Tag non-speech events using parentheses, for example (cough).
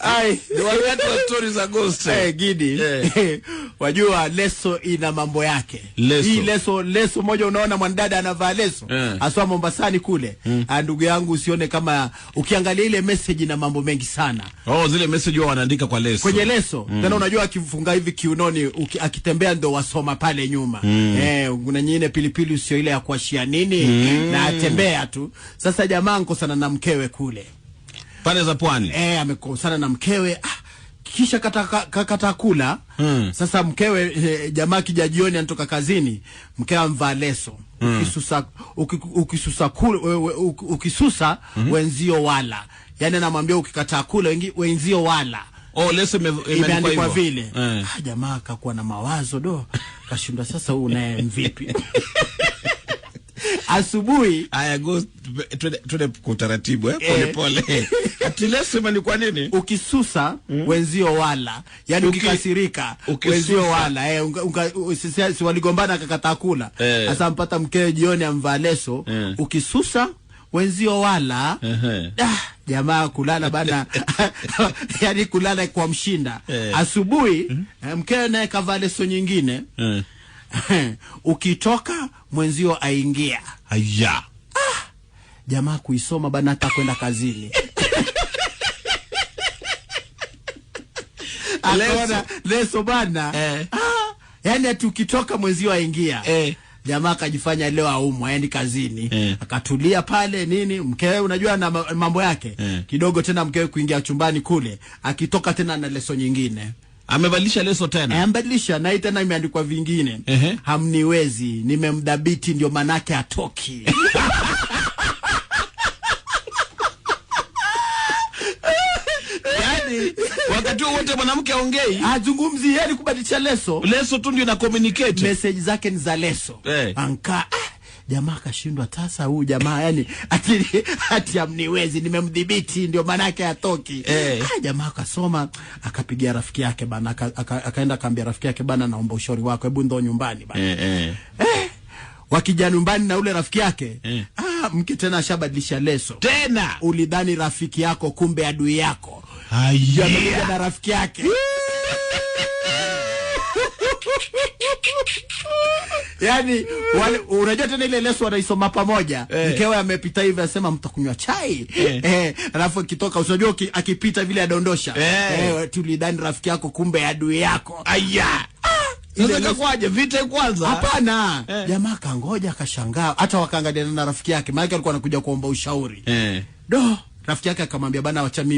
Ai, the Waviatu stories za ghost. Eh, gidi. Yeah. (laughs) Wajua leso ina mambo yake. Leso. Hii leso leso moja unaona mwanadada anavaa leso. Yeah. Aswa Mombasani kule. Mm. Ndugu yangu usione kama ukiangalia ile message na mambo mengi sana. Oh, zile message wao wanaandika kwa leso. Kwenye leso. Mm. Tena unajua akifunga hivi kiunoni uki, akitembea ndo wasoma pale nyuma. Mm. Eh, kuna nyingine pilipili usio ile ya kuashia nini mm. na atembea tu. Sasa jamaa nko sana na mkewe kule pande za pwani eh, amekosana na mkewe ah, kisha kata, kata, kata hmm. Sasa mkewe e, jamaa kija jioni anatoka kazini, mkewe amvaa leso hmm. ukisusa, uk, ukisusa, kul, uk, ukisusa hmm. wenzio wala, yani anamwambia ukikataa kula wenzio wala Oh, leso imeandikwa vile eh. Ah, jamaa akakuwa na mawazo do kashindwa, sasa huu naye mvipi? (laughs) asubuhi. Haya, go twende kwa utaratibu eh, eh. pole pole. Atile sema ni kwa nini ukisusa mm, wenzio wala, yani Uki, ukikasirika ukisusa, wenzio wala eh, unga, unga, si waligombana akakataa kula eh, asa mpata mkewe jioni amvaa leso eh, ukisusa wenzio wala uh -huh. Ah, jamaa kulala bana (laughs) (laughs) yani kulala kwa mshinda eh. Asubuhi mm -hmm. Eh, mkewe naye kavaa leso nyingine eh. (laughs) Ukitoka mwenzio aingia Haya. Ah, jamaa kuisoma bana hata kwenda kazini. (laughs) Leso, leso bana. Eh. Ah, yani tukitoka mwenzio aingia. Eh. Jamaa akajifanya leo aumwa aendi kazini eh. Akatulia pale nini, mkewe unajua na mambo yake eh. Kidogo tena mkewe kuingia chumbani kule, akitoka tena na leso nyingine amebadilisha leso tena, amebadilisha na hii tena imeandikwa vingine uh -huh. Hamniwezi, nimemdhabiti ndio manake atoki yaani, wakati wote mwanamke aongei, azungumzi, yani kubadilisha leso, leso tu ndio na communicate, message zake ni za leso hey. Eh. anka ah, jamaa akashindwa. Sasa huyu jamaa yani ati ati amniwezi, nimemdhibiti ndio maana yake atoki. Hey. Eh. Ah, jamaa akasoma akapigia rafiki yake bana, akaenda aka, akaambia rafiki yake bana, naomba ushauri wako, hebu ndo nyumbani bana. Hey, eh, eh. hey. Hey. Wakija nyumbani na ule rafiki yake hey. Ah, mke tena ashabadilisha leso tena, ulidhani rafiki yako, kumbe adui yako. Amekuja na rafiki yake (laughs) yani wale unajua tena ile leso wanaisoma pamoja eh. Mkewe amepita hivi anasema mtakunywa chai eh. Eh, alafu akitoka usijua akipita vile adondosha eh. Eh, tulidani rafiki yako kumbe adui yako aya ah, sasa kakwaje vita kwanza? Hapana. Eh. Jamaa kangoja akashangaa hata wakaangalia na rafiki yake maana alikuwa anakuja kuomba ushauri. Eh. Do, rafiki yake akamwambia bana acha wacha